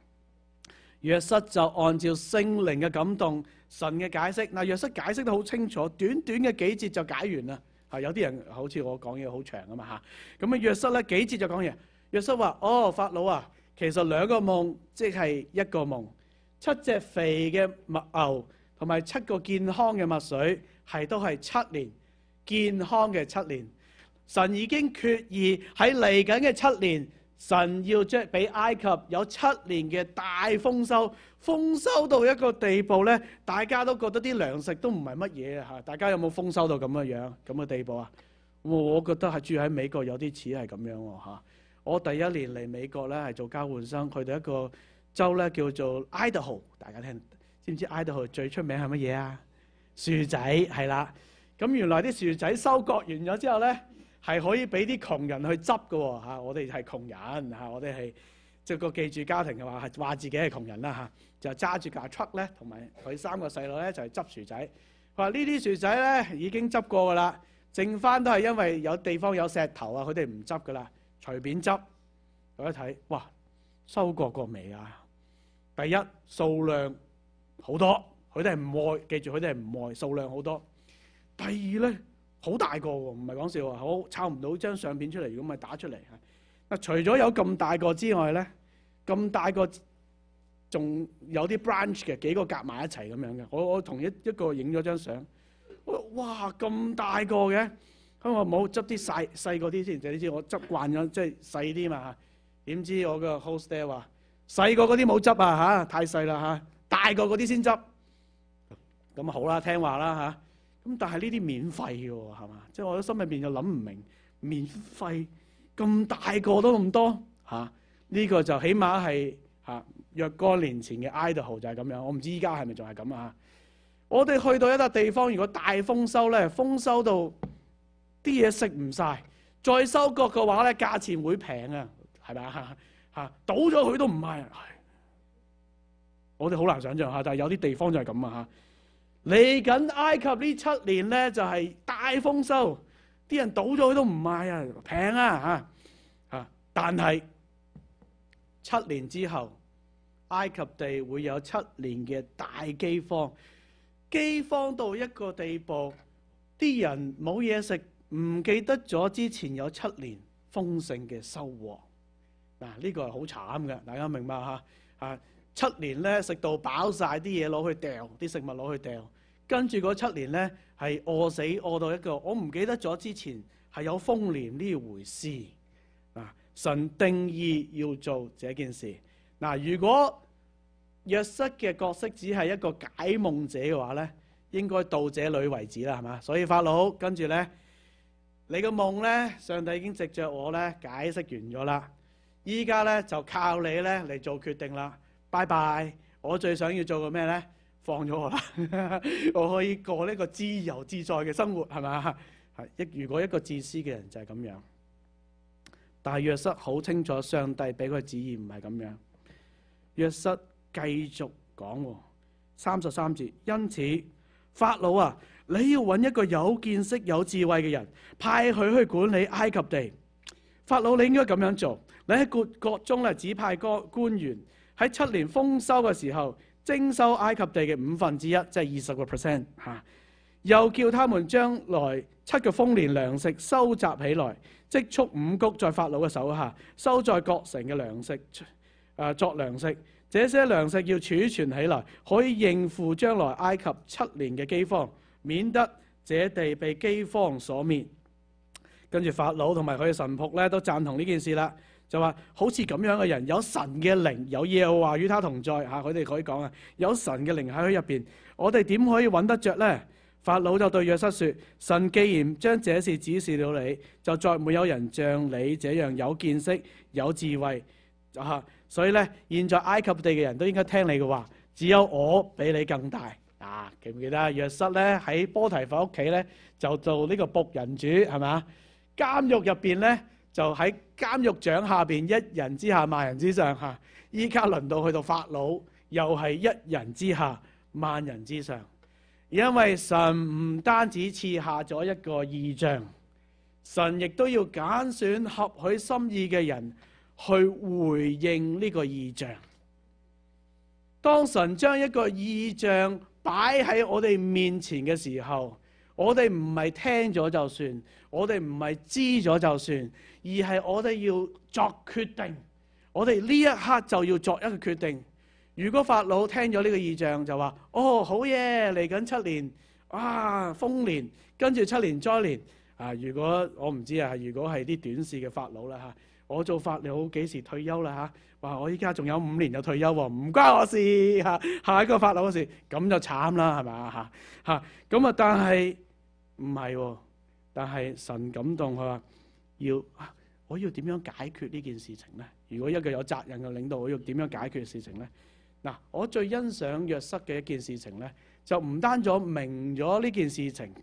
約瑟就按照聖靈嘅感動，神嘅解釋。嗱，約瑟解釋得好清楚，短短嘅幾節就解完啦。係有啲人好似我講嘢好長啊嘛嚇。咁啊，約瑟咧幾節就講嘢。約瑟話：哦，法老啊，其實兩個夢即係一個夢，七隻肥嘅麥牛同埋七個健康嘅麥穗，係都係七年健康嘅七年。神已經決意喺嚟緊嘅七年。神要將俾埃及有七年嘅大豐收，豐收到一個地步咧，大家都覺得啲糧食都唔係乜嘢啊！嚇，大家有冇豐收到咁嘅樣、咁嘅地步啊？我覺得係住喺美國有啲似係咁樣喎嚇。我第一年嚟美國咧係做交換生，去到一個州咧叫做 Idaho。大家聽知唔知 Idaho 最出名係乜嘢啊？薯仔係啦，咁原來啲薯仔收割完咗之後咧。係可以俾啲窮人去執嘅喎我哋係窮人嚇，我哋係即係個寄住家庭嘅話，係話自己係窮人啦嚇，就揸住架 truck 咧，同埋佢三個細路咧就係執薯仔。佢話呢啲薯仔咧已經執過嘅啦，剩翻都係因為有地方有石頭啊，佢哋唔執嘅啦，隨便執。睇一睇，哇！收割過未啊？第一數量好多，佢哋係唔愛，記住佢哋係唔愛，數量好多。第二咧。好大個喎，唔係講笑喎，好摷唔到張相片出嚟。如果唔係打出嚟，嗱除咗有咁大個之外咧，咁大個仲有啲 branch 嘅幾個夾埋一齊咁樣嘅。我我同一一個影咗張相，哇咁大個嘅，咁我冇執啲細細嗰啲先，就你知我執慣咗即係細啲嘛？點知我個 hoster 話細個嗰啲冇執啊，嚇太細啦嚇，大個嗰啲先執。咁好啦，聽話啦嚇。咁但係呢啲免費嘅喎，係嘛？即係我心入邊就諗唔明，免費咁大個都咁多嚇，呢、啊呢個就起碼係嚇、啊，若干年前嘅 Idaho 就係咁樣。我唔知依家係咪仲係咁啊！我哋去到一笪地方，如果大豐收咧，豐收到啲嘢食唔晒，再收割嘅話咧，價錢會平啊，係咪啊？嚇、啊、倒咗佢都唔賣，我哋好難想象嚇，但係有啲地方就係咁啊嚇。嚟緊埃及呢七年咧就係大豐收，啲人倒咗都唔買啊，平啊嚇嚇！但係七年之後，埃及地會有七年嘅大饑荒，饑荒到一個地步，啲人冇嘢食，唔記得咗之前有七年豐盛嘅收穫。嗱呢個係好慘嘅，大家明白嚇嚇？七年咧食到飽晒啲嘢攞去掉，啲食物攞去掉。跟住嗰七年咧，係餓死餓到一個，我唔記得咗之前係有豐年呢回事啊！神定意要做這件事嗱、啊，如果約瑟嘅角色只係一個解夢者嘅話咧，應該到這裏為止啦，係嘛？所以法老跟住咧，你個夢咧，上帝已經藉著我咧解釋完咗啦，依家咧就靠你咧嚟做決定啦。拜拜！我最想要做個咩咧？放咗我啦， 我可以過呢個自由自在嘅生活，係咪啊？係一如果一個自私嘅人就係咁樣，但係約瑟好清楚，上帝俾佢旨意唔係咁樣。約瑟繼續講，三十三節，因此法老啊，你要揾一個有見識、有智慧嘅人，派佢去管理埃及地。法老你應該咁樣做，你喺國國中咧指派個官員喺七年豐收嘅時候。徵收埃及地嘅五分之一，即係二十個 percent 吓，又叫他們將來七個豐年糧食收集起來，積蓄五穀在法老嘅手下，收在各城嘅糧食誒、呃、作糧食，這些糧食要儲存起來，可以應付將來埃及七年嘅饑荒，免得這地被饑荒所滅。跟住法老同埋佢嘅神僕咧都贊同呢件事啦。就話好似咁樣嘅人有神嘅靈，有耶和華與他同在嚇，佢、啊、哋可以講啊，有神嘅靈喺佢入邊，我哋點可以揾得着呢？法老就對約瑟說：神既然將這事指示了你，就再沒有人像你這樣有見識、有智慧。啊，所以呢，現在埃及地嘅人都應該聽你嘅話，只有我比你更大。啊，記唔記得約瑟呢？喺波提乏屋企呢，就做呢個僕人主係咪？監獄入邊呢。就喺監獄長下面，一人之下萬人之上嚇，依家輪到去到法老，又係一人之下萬人之上。因為神唔單止賜下咗一個異象，神亦都要揀選合佢心意嘅人去回應呢個異象。當神將一個異象擺喺我哋面前嘅時候，我哋唔係聽咗就算，我哋唔係知咗就算，而係我哋要作決定。我哋呢一刻就要作一個決定。如果法老聽咗呢個異象，就話：哦，好嘢，嚟緊七年，啊，豐年，跟住七年災年。啊，如果我唔知啊，如果係啲短視嘅法老啦嚇，我做法老幾時退休啦嚇？話、啊、我依家仲有五年就退休喎，唔關我事嚇、啊。下一個法老嘅事，咁就慘啦，係咪啊嚇嚇？咁啊，但係。唔係，但係神感動佢話要，我要點樣解決呢件事情呢？如果一個有責任嘅領導，我要點樣解決事情呢？嗱，我最欣賞約瑟嘅一件事情呢，就唔單止明咗呢件事情，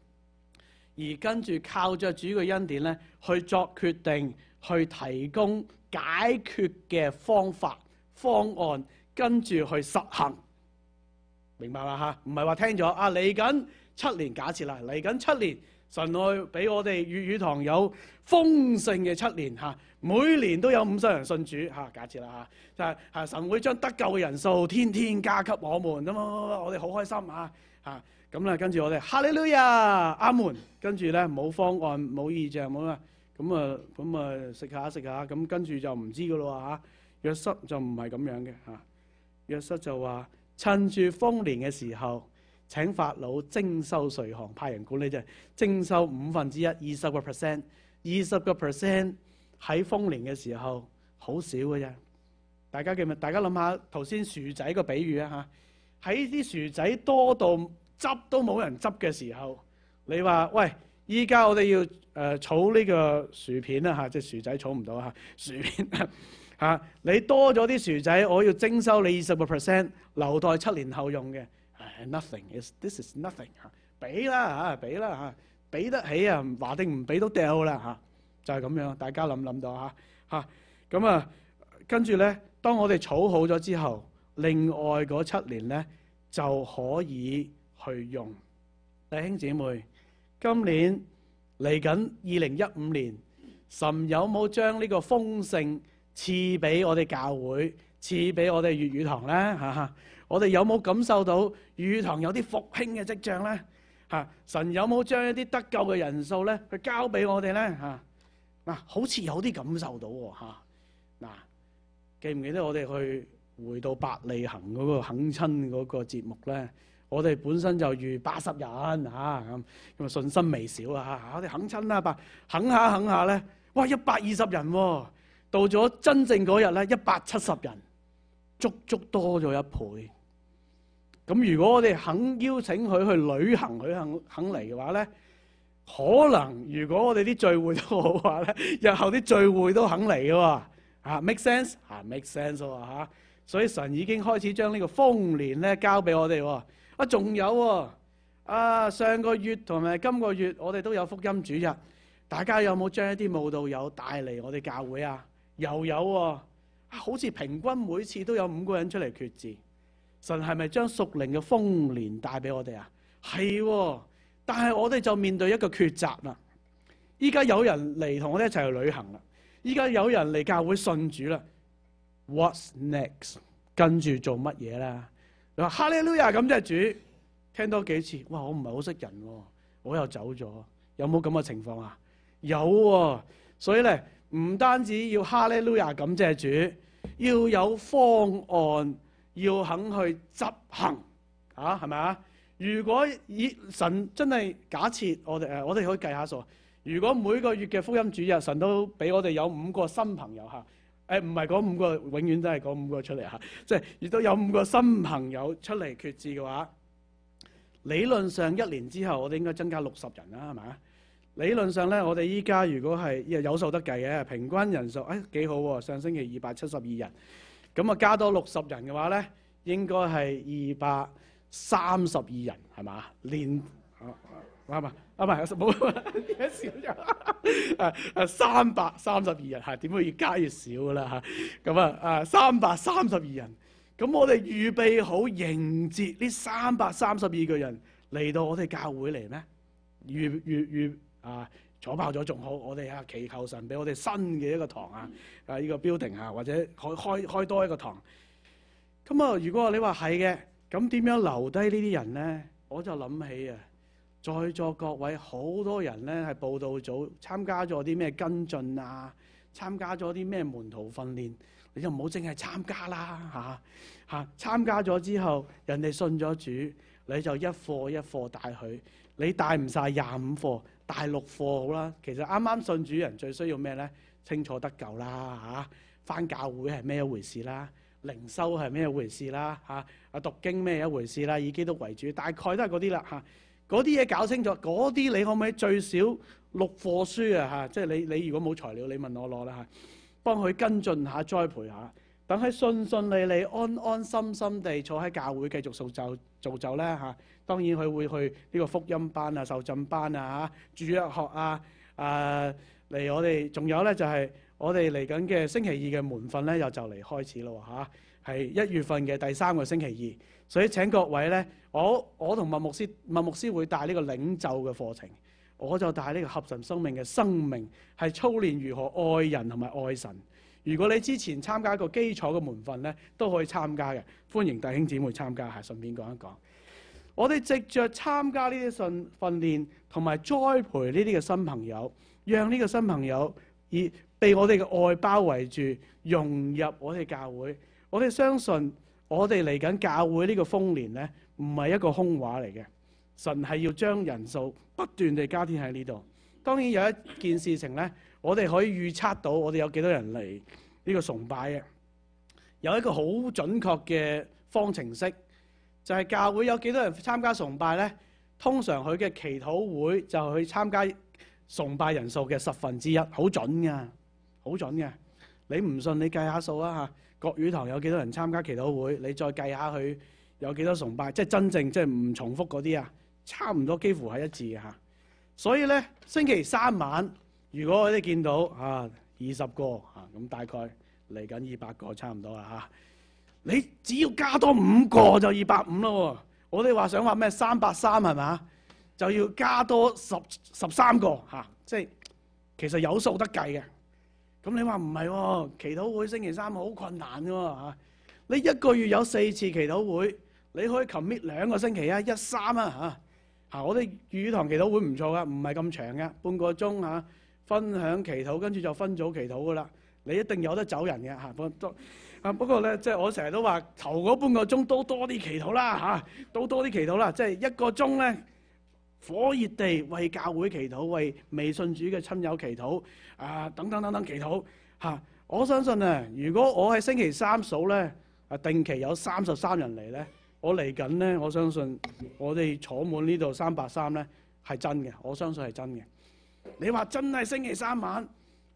而跟住靠著主嘅恩典呢，去作決定，去提供解決嘅方法、方案，跟住去實行。明白啦，吓，唔係話聽咗啊嚟緊。七年假設啦，嚟緊七年，神愛俾我哋粵語堂有豐盛嘅七年嚇，每年都有五十人信主嚇，假設啦嚇，就係神會將得救嘅人數天天加給我們，咁、哦、我哋好開心啊嚇！咁咧跟住我哋哈利路亞，阿門。跟住咧冇方案，冇意象，冇咩，咁啊咁啊食下食下，咁跟住就唔知噶咯喎嚇。約、啊、瑟就唔係咁樣嘅嚇，約、啊、瑟就話趁住豐年嘅時候。請法老徵收稅項，派人管理啫。徵收五分之一，二十個 percent，二十個 percent 喺豐年嘅時候好少嘅啫。大家記唔？大家諗下頭先薯仔個比喻啊吓，喺啲薯仔多到執都冇人執嘅時候，你話喂，依家我哋要誒儲呢個薯片啊吓，即係薯仔儲唔到啊嚇薯片吓，啊，你多咗啲薯仔，我要徵收你二十個 percent，留待七年後用嘅。Nothing is. This is nothing 啊，俾啦嚇，俾啦嚇，俾得起啊，話定唔俾都掉啦嚇，就係咁樣，大家諗諗到嚇嚇，咁啊，跟住咧，當我哋儲好咗之後，另外嗰七年咧就可以去用。弟兄姊妹，今年嚟緊二零一五年，神有冇將呢個豐盛賜俾我哋教會，賜俾我哋粵語堂咧嚇？啊我哋有冇感受到乳堂有啲復興嘅跡象咧？嚇，神有冇將一啲得救嘅人數咧，佢交俾我哋咧？嚇，嗱，好似有啲感受到喎、哦、嗱、啊，記唔記得我哋去回到百利行嗰、那個肯親嗰個節目咧？我哋本身就預八十人嚇咁，咁啊、嗯、信心微小。啊嚇，我哋肯親啦，百肯下肯下咧，哇一百二十人喎、哦，到咗真正嗰日咧，一百七十人，足足多咗一倍。咁如果我哋肯邀請佢去旅行，佢肯肯嚟嘅話咧，可能如果我哋啲聚會都好嘅話咧，日後啲聚會都肯嚟嘅喎。嚇，make sense？嚇，make sense 喎。所以神已經開始將呢個豐年咧交俾我哋。啊，仲有啊，上個月同埋今個月我哋都有福音主日，大家有冇將一啲慕道友帶嚟我哋教會啊？又有啊，好似平均每次都有五個人出嚟決志。神係咪將屬靈嘅豐年帶俾我哋啊？係，但係我哋就面對一個抉擇啦。依家有人嚟同我哋一齊去旅行啦，依家有人嚟教會信主啦。What's next？跟住做乜嘢咧？嗱，Hallelujah，感謝主。聽多幾次，哇，我唔係好識人，啊，我又走咗。有冇咁嘅情況啊？有啊，所以咧，唔單止要 Hallelujah 感謝主，要有方案。要肯去執行嚇，係咪啊？如果以神真係假設我，我哋誒，我哋可以計下數。如果每個月嘅福音主日，神都俾我哋有五個新朋友嚇，誒，唔係嗰五個，永遠都係嗰五個出嚟嚇，即係亦都有五個新朋友出嚟決志嘅話，理論上一年之後，我哋應該增加六十人啦，係咪啊？理論上咧，我哋依家如果係有數得計嘅平均人數，誒，哎，幾好喎，啊？上星期二百七十二人。咁啊，加多六十人嘅話咧，應該係二百三十二人，係嘛？連啊啊，唔係冇少咗啊啊，三百三十二人吓，點會越加越少啦吓？咁啊啊，三百三十二人，咁我哋預備好迎接呢三百三十二個人嚟到我哋教會嚟咩？預預預啊！坐爆咗仲好，我哋啊祈求神俾我哋新嘅一個堂、嗯、啊、啊、這、呢個 building 啊，或者開開開多一個堂。咁啊，如果你話係嘅，咁點樣留低呢啲人咧？我就諗起啊，在座各位好多人咧係報道組參加咗啲咩跟進啊，參加咗啲咩門徒訓練，你就唔好淨係參加啦嚇嚇。參、啊啊、加咗之後，人哋信咗主，你就一課一課帶佢，你帶唔晒廿五課。大陸課好啦，其實啱啱信主人最需要咩咧？清楚得夠啦嚇，翻教會係咩一回事啦？靈修係咩一回事啦？嚇，讀經咩一回事啦？以基督為主，大概都係嗰啲啦嚇。嗰啲嘢搞清楚，嗰啲你可唔可以最少六課書啊嚇？即係你你如果冇材料，你問我攞啦嚇，幫佢跟進下栽培下。想喺順順利利、安安心心地坐喺教會繼續受就造就咧嚇，當然佢會去呢個福音班啊、受浸班啊、主日學啊，誒、呃、嚟我哋仲有咧就係我哋嚟緊嘅星期二嘅門訓咧又就嚟開始咯嚇，係一月份嘅第三個星期二，所以請各位咧，我我同麥牧師麥牧師會帶呢個領袖嘅課程，我就帶呢個合神生命嘅生命係操練如何愛人同埋愛神。如果你之前參加過基礎嘅門訓咧，都可以參加嘅，歡迎弟兄姊妹參加下。順便講一講，我哋藉着參加呢啲訓訓練，同埋栽培呢啲嘅新朋友，讓呢個新朋友以被我哋嘅愛包圍住，融入我哋教會。我哋相信我哋嚟緊教會呢個豐年呢，唔係一個空話嚟嘅。神係要將人數不斷地加添喺呢度。當然有一件事情呢。我哋可以預測到我哋有幾多人嚟呢個崇拜，有一個好準確嘅方程式，就係教會有幾多人參加崇拜咧，通常佢嘅祈禱會就係參加崇拜人數嘅十分之一，好準嘅，好準嘅。你唔信你計下數啊嚇，國語堂有幾多人參加祈禱會，你再計下佢有幾多崇拜，即係真正即係唔重複嗰啲啊，差唔多幾乎係一致嘅嚇。所以咧，星期三晚。如果我哋見到嚇二十個嚇咁，啊，大概嚟緊二百個差唔多啦嚇，啊，你只要加多五個就二百五咯喎！我哋話想話咩三百三係咪？就要加多十十三個嚇，啊，即係其實有數得計嘅。咁你話唔係喎？祈禱會星期三好困難嘅喎，啊，你一個月有四次祈禱會，你可以 commit 兩個星期啊一三啊嚇。嚇、啊，我哋語堂祈禱會唔錯噶，唔係咁長嘅，半個鐘嚇。啊分享祈禱，跟住就分組祈禱噶啦。你一定有得走人嘅嚇、啊，不過咧，即係我成日都話，頭嗰半個鐘都多啲祈禱啦嚇，都多啲祈禱啦。即係一個鐘咧，火熱地為教會祈禱，為未信主嘅親友祈禱啊，等等等等祈禱嚇、啊。我相信啊，如果我喺星期三數咧，定期有三十三人嚟咧，我嚟緊咧，我相信我哋坐滿呢度三百三咧係真嘅，我相信係真嘅。你話真係星期三晚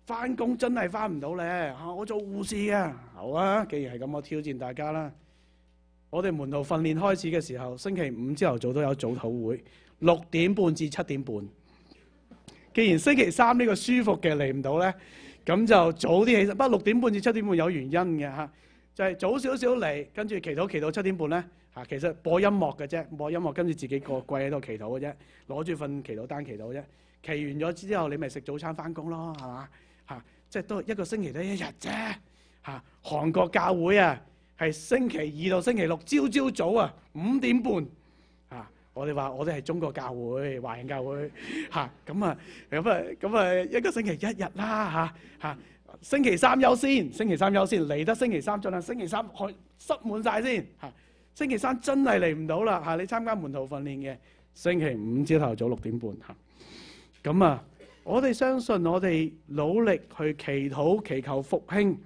翻工真係翻唔到咧嚇！我做護士嘅，好啊！既然係咁，我挑戰大家啦。我哋門徒訓練開始嘅時候，星期五朝頭早都有早禱會，六點半至七點半。既然星期三呢個舒服嘅嚟唔到咧，咁就早啲起身。不過六點半至七點半有原因嘅嚇，就係早少少嚟，跟住祈禱祈到七點半咧嚇。其實播音樂嘅啫，播音樂跟住自己個跪喺度祈禱嘅啫，攞住份祈禱單祈禱嘅啫。期完咗之後，你咪食早餐翻工咯，係嘛嚇？即係都一個星期得一日啫嚇。韓國教會啊，係星期二到星期六朝朝早啊五點半嚇。我哋話我哋係中國教會華人教會嚇，咁啊咁啊咁啊一個星期一日啦嚇嚇。星期三優先，星期三優先嚟得星期三進，儘量星期三去塞滿晒先嚇。星期三真係嚟唔到啦嚇。你參加門徒訓練嘅星期五朝頭早六點半嚇。咁啊！我哋相信，我哋努力去祈禱、祈求復興。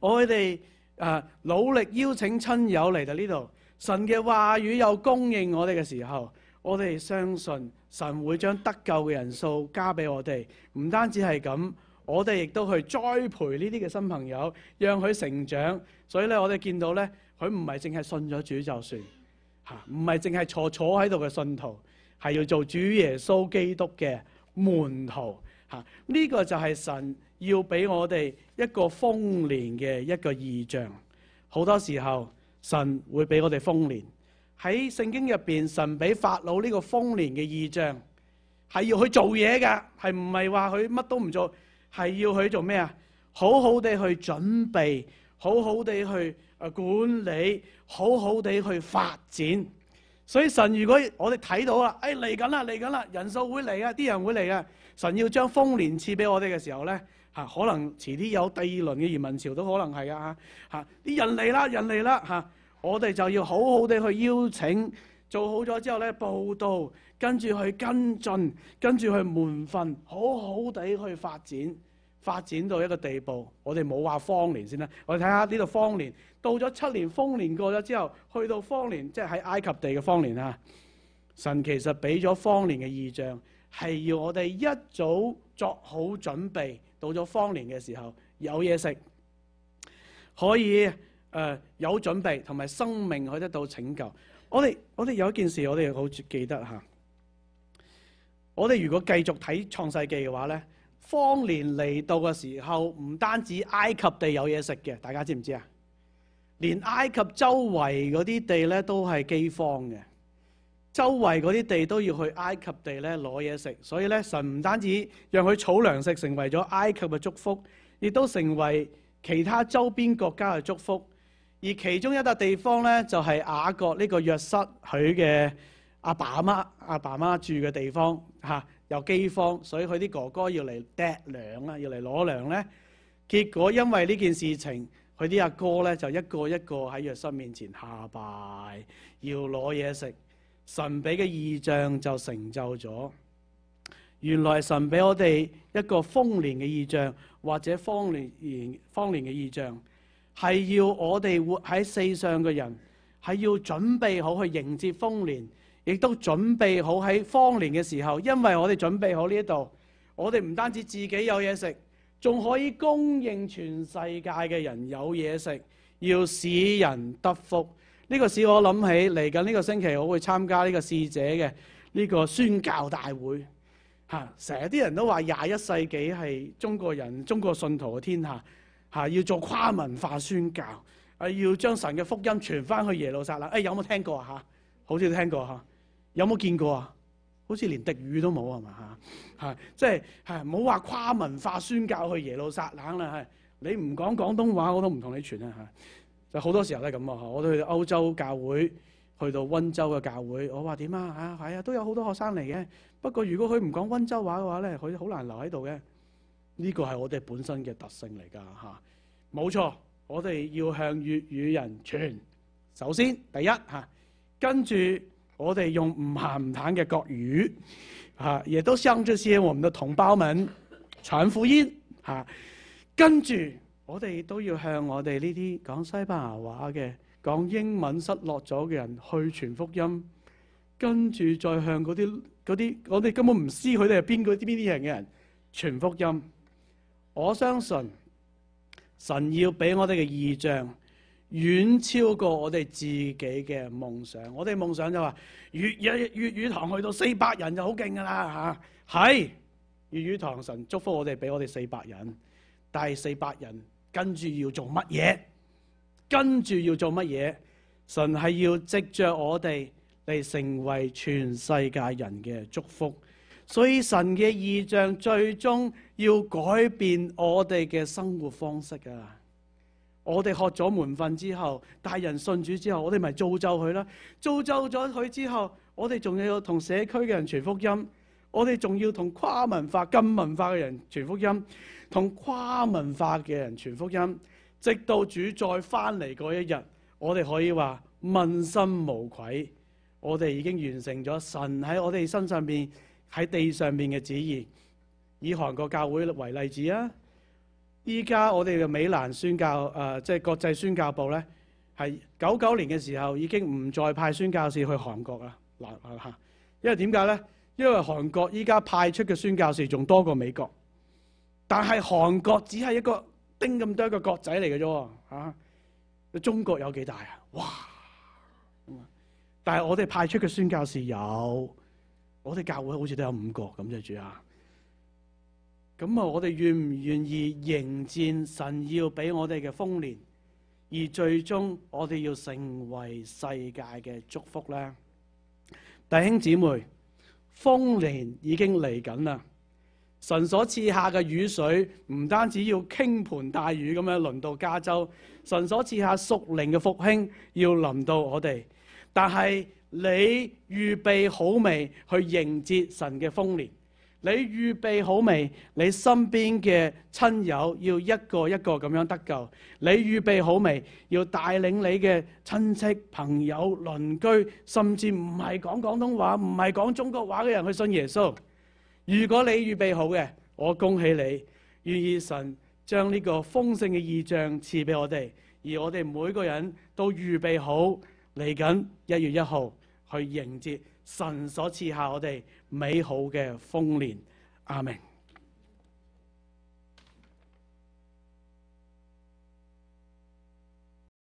我哋啊、呃，努力邀請親友嚟到呢度。神嘅話語有供應我哋嘅時候，我哋相信神會將得救嘅人數加俾我哋。唔單止係咁，我哋亦都去栽培呢啲嘅新朋友，讓佢成長。所以咧，我哋見到咧，佢唔係淨係信咗主就算嚇，唔係淨係坐坐喺度嘅信徒。係要做主耶穌基督嘅門徒，吓、這、呢個就係神要俾我哋一個豐年嘅一個異象。好多時候神會俾我哋豐年。喺聖經入邊，神俾法老呢個豐年嘅異象，係要去做嘢噶，係唔係話佢乜都唔做？係要去做咩啊？好好地去準備，好好地去誒管理，好好地去發展。所以神，如果我哋睇到啦，哎，嚟緊啦，嚟緊啦，人數會嚟啊，啲人會嚟啊。神要將豐年賜俾我哋嘅時候咧，可能遲啲有第二輪嘅移民潮都可能係啊，啲人嚟啦，人嚟啦，我哋就要好好地去邀請，做好咗之後咧，報導，跟住去跟進，跟住去門訓，好好地去發展。發展到一個地步，我哋冇話荒年先啦。我哋睇下呢度荒年，到咗七年，豐年過咗之後，去到荒年，即係喺埃及地嘅荒年啊！神其實俾咗荒年嘅異象，係要我哋一早作好準備，到咗荒年嘅時候有嘢食，可以誒、呃、有準備同埋生命可以得到拯救。我哋我哋有一件事，我哋好記得嚇。我哋如果繼續睇創世記嘅話咧。荒年嚟到嘅時候，唔單止埃及地有嘢食嘅，大家知唔知啊？連埃及周圍嗰啲地咧都係饑荒嘅，周圍嗰啲地都要去埃及地咧攞嘢食。所以咧，神唔單止讓佢儲糧食成為咗埃及嘅祝福，亦都成為其他周邊國家嘅祝福。而其中一笪地方咧，就係雅各呢個約瑟佢嘅阿爸阿媽、阿爸媽住嘅地方有饑荒，所以佢啲哥哥要嚟掟糧啦，要嚟攞糧咧。結果因為呢件事情，佢啲阿哥咧就一個一個喺約瑟面前下拜，要攞嘢食。神俾嘅異象就成就咗。原來神俾我哋一個豐年嘅異象，或者荒年而荒年嘅異象，係要我哋活喺世上嘅人係要準備好去迎接豐年。亦都準備好喺荒年嘅時候，因為我哋準備好呢度，我哋唔單止自己有嘢食，仲可以供應全世界嘅人有嘢食，要使人得福。呢、這個使我諗起嚟緊呢個星期，我會參加呢個使者嘅呢個宣教大會。嚇、啊，成日啲人都話廿一世紀係中國人、中國信徒嘅天下。嚇、啊，要做跨文化宣教，啊，要將神嘅福音傳翻去耶路撒冷。誒、哎，有冇聽過啊？嚇，好似聽過嚇、啊。有冇見過啊？好似連滴雨都冇係嘛，嚇嚇，即係嚇，冇話跨文化宣教去耶路撒冷啦係。你唔講廣東話我都唔同你傳啊。嚇。就好多時候咧咁啊，我都去歐洲教會，去到温州嘅教會，我話點啊？嚇係啊，都有好多學生嚟嘅。不過如果佢唔講温州話嘅話咧，佢好難留喺度嘅。呢個係我哋本身嘅特性嚟㗎嚇。冇錯，我哋要向粵語人傳。首先第一嚇，跟住。我哋用唔咸唔淡嘅國語，啊，也都向這些我們的同胞們傳福音啊。跟住我哋都要向我哋呢啲講西班牙話嘅、講英文失落咗嘅人去傳福音。跟住再向嗰啲嗰啲我哋根本唔知佢哋係邊個邊啲人嘅人傳福音。我相信神要俾我哋嘅異象。遠超過我哋自己嘅夢想，我哋夢想就話粵語粵語堂去到四百人就好勁噶啦吓，係粵語堂神祝福我哋俾我哋四百人，但係四百人跟住要做乜嘢？跟住要做乜嘢？神係要藉着我哋嚟成為全世界人嘅祝福，所以神嘅異象最終要改變我哋嘅生活方式噶。我哋學咗門訓之後，大人信主之後，我哋咪造就佢啦。造就咗佢之後，我哋仲要同社區嘅人傳福音，我哋仲要同跨文化、近文化嘅人傳福音，同跨文化嘅人傳福音，直到主再翻嚟嗰一日，我哋可以話問心無愧。我哋已經完成咗神喺我哋身上面喺地上面嘅旨意。以韓國教會為例子啊！依家我哋嘅美南宣教誒，即係國際宣教部咧，係九九年嘅時候已經唔再派宣教士去韓國啦。嗱嚇，因為點解咧？因為韓國依家派出嘅宣教士仲多過美國，但係韓國只係一個叮咁多一個國仔嚟嘅啫嚇。中國有幾大啊？哇！但係我哋派出嘅宣教士有，我哋教會好似都有五個咁啫，主啊！咁啊！我哋願唔願意迎戰神要俾我哋嘅豐年？而最終我哋要成為世界嘅祝福呢？弟兄姊妹，豐年已經嚟緊啦！神所賜下嘅雨水唔單止要傾盆大雨咁樣輪到加州，神所賜下屬靈嘅復興要臨到我哋。但係你預備好未去迎接神嘅豐年？你預備好未？你身邊嘅親友要一個一個咁樣得救。你預備好未？要帶領你嘅親戚、朋友、鄰居，甚至唔係講廣東話、唔係講中國話嘅人去信耶穌。如果你預備好嘅，我恭喜你。願神將呢個豐盛嘅異象賜俾我哋，而我哋每個人都預備好嚟緊一月一號去迎接，神所賜下我哋美好嘅豐年，阿們。